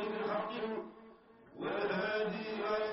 الحق والهادي إلى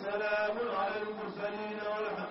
سلام على المرسلين والحمد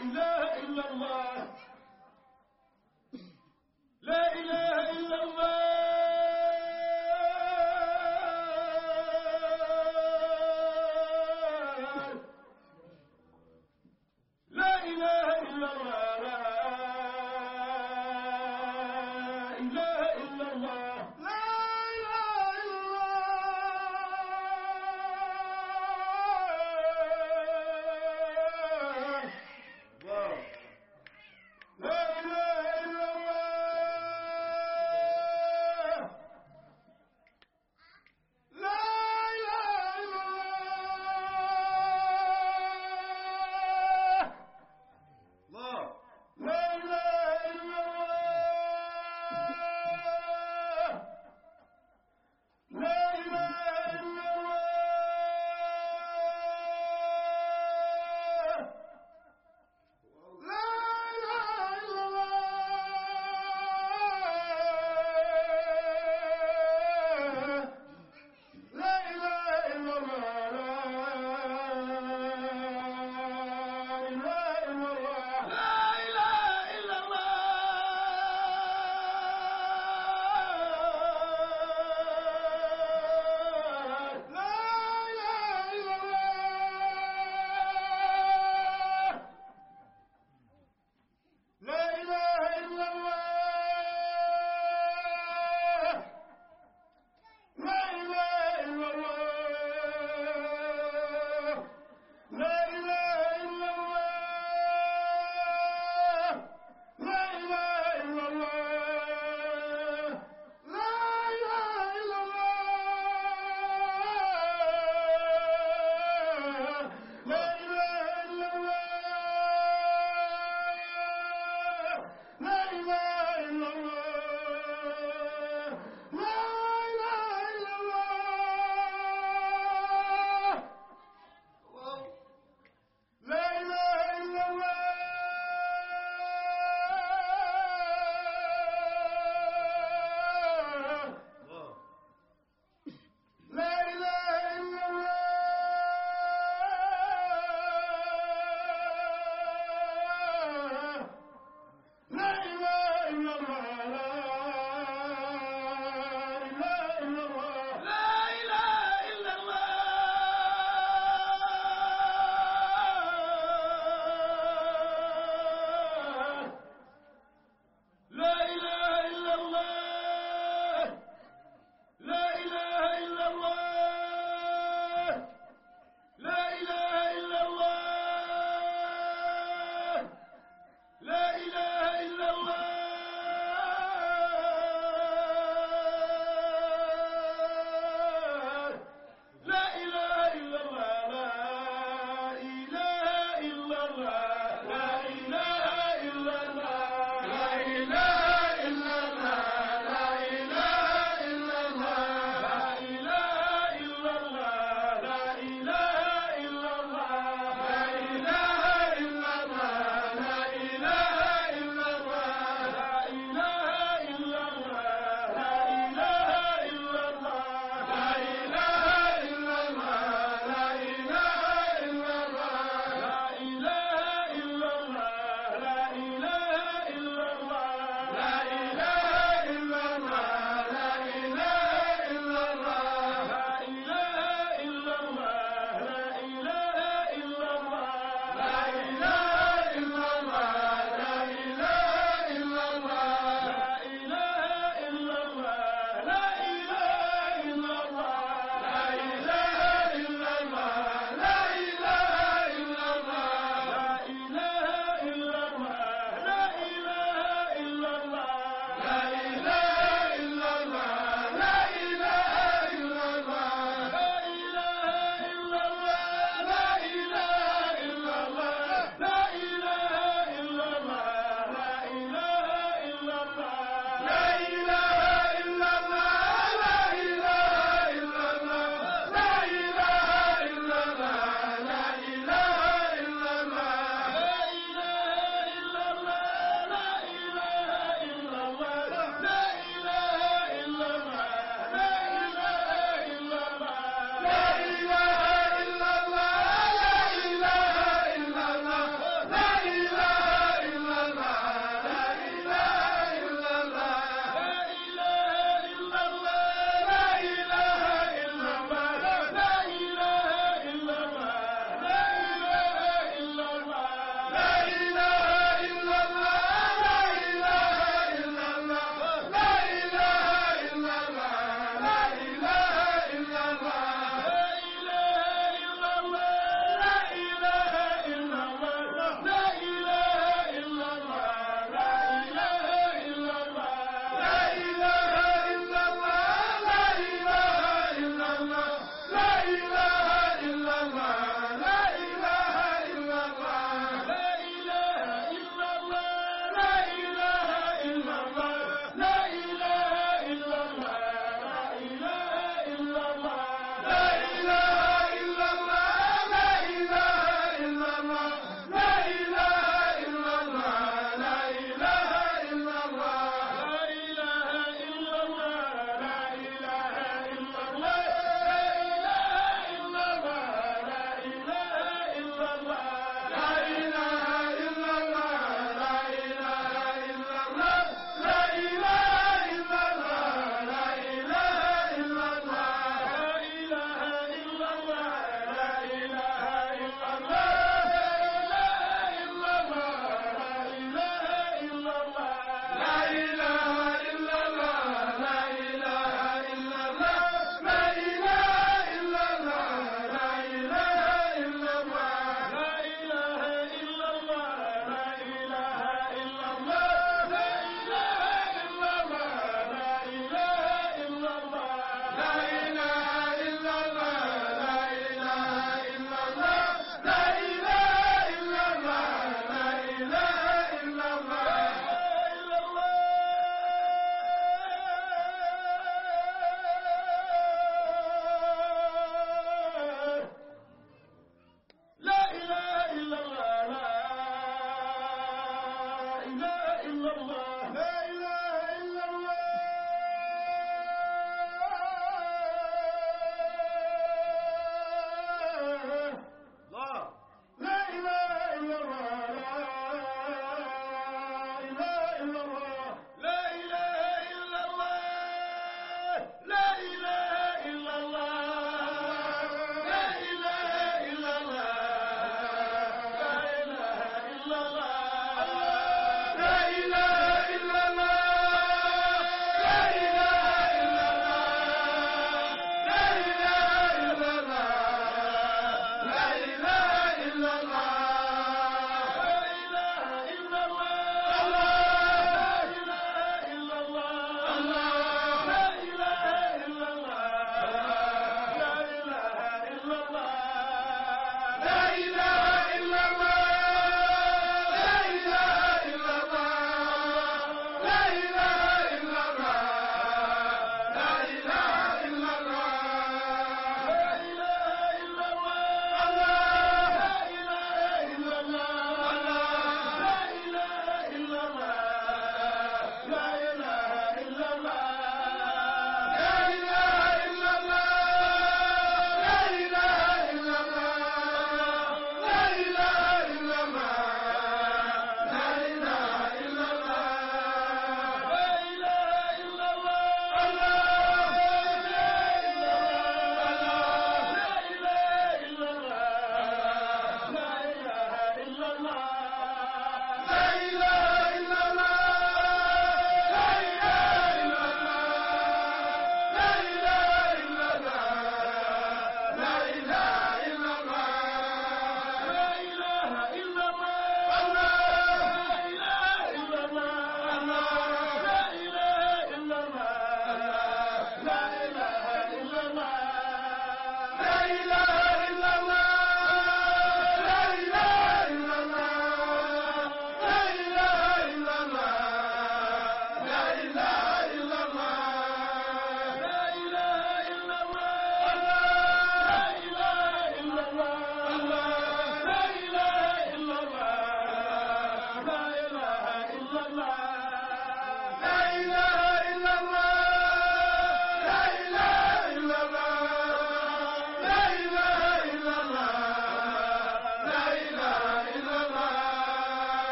إله إلا الله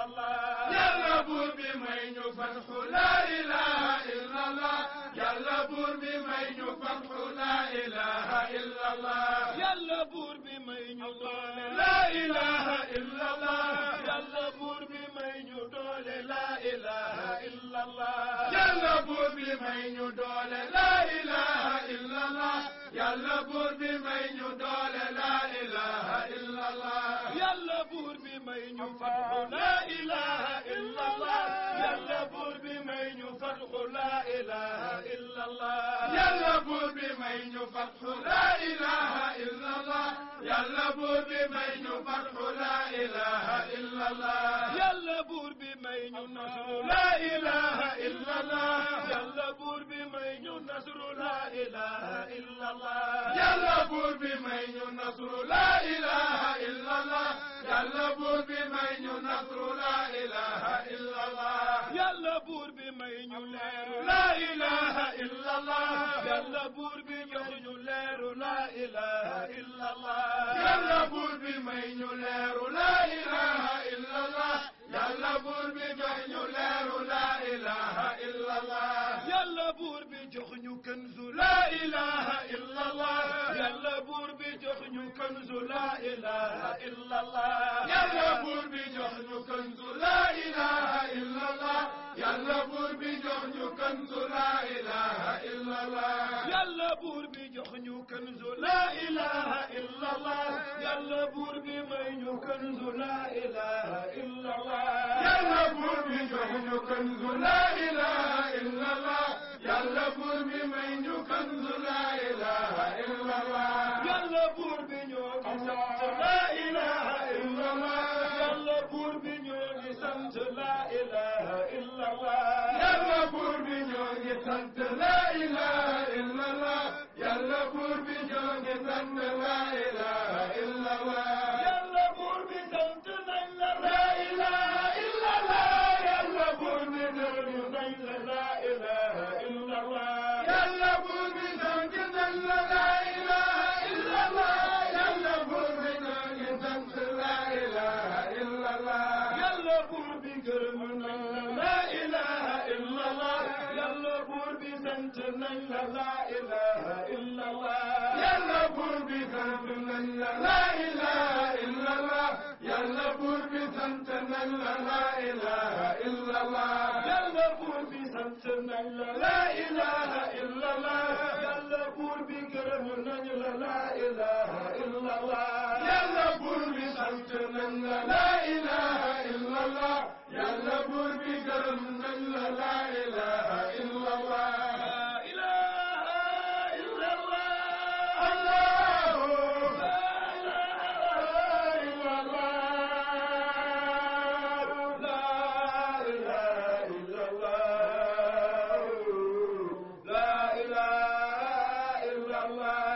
illallah yàlla buur bi may ñu fatxu la ilaha illallah yàlla buur bi may ñu fatxu la ilaha illallah yàlla buur bi may ñu doole la ilaha illallah yàlla buur bi may ñu doole la ilaha illallah yàlla buur bi may ñu doole la ilaha illallah yàlla buur bi may ñu doole la ilaha illallah yàlla buur bi may ñu fatxu laa ilaaha illa allah yàlla buur bi may ñu fatxu laa ilaaha illa allah yàlla buur bi may ñu fatxu laa ilaaha illa allah ñu nasru la ilaha illallah yàlla buur bi may ñu nasru la ilaha illallah yàlla buur bi may ñu nasru la ilaha illallah yàlla buur bi may ñu nasru la ilaha illallah yàlla buur bi may ñu leeru la ilaha illallah yàlla buur bi may ñu leeru la ilaha illallah yàlla buur bi may ñu leeru la ilaha illallah yàlla buur bi jox ñu leeru laa ilaaha illallah yàlla buur bi jox ñu kenn kanzu la ilaha illallah yàlla buur bi jox ñu kanzu la ilaha illallah yàlla buur bi jox ñu kanzu la ilaha illallah yàlla buur bi jox ñu kanzu la ilaha illallah yàlla buur bi jox ñu kanzu la ilaha illallah yàlla buur bi may ñu kanzu la ilaha illallah yàlla buur bi jox ñu kanzu la ilaha illallah sant la nañ la laa ilaha illa allah yàlla buur bi sant nañ la laa ilaha illa allah yàlla buur bi sant nañ la laa ilaha illa allah yàlla buur bi gërëm nañ la laa ilaha illa allah yàlla buur bi sant nañ la laa ilaha illa allah yàlla buur bi gërëm nañ la laa ilaha الله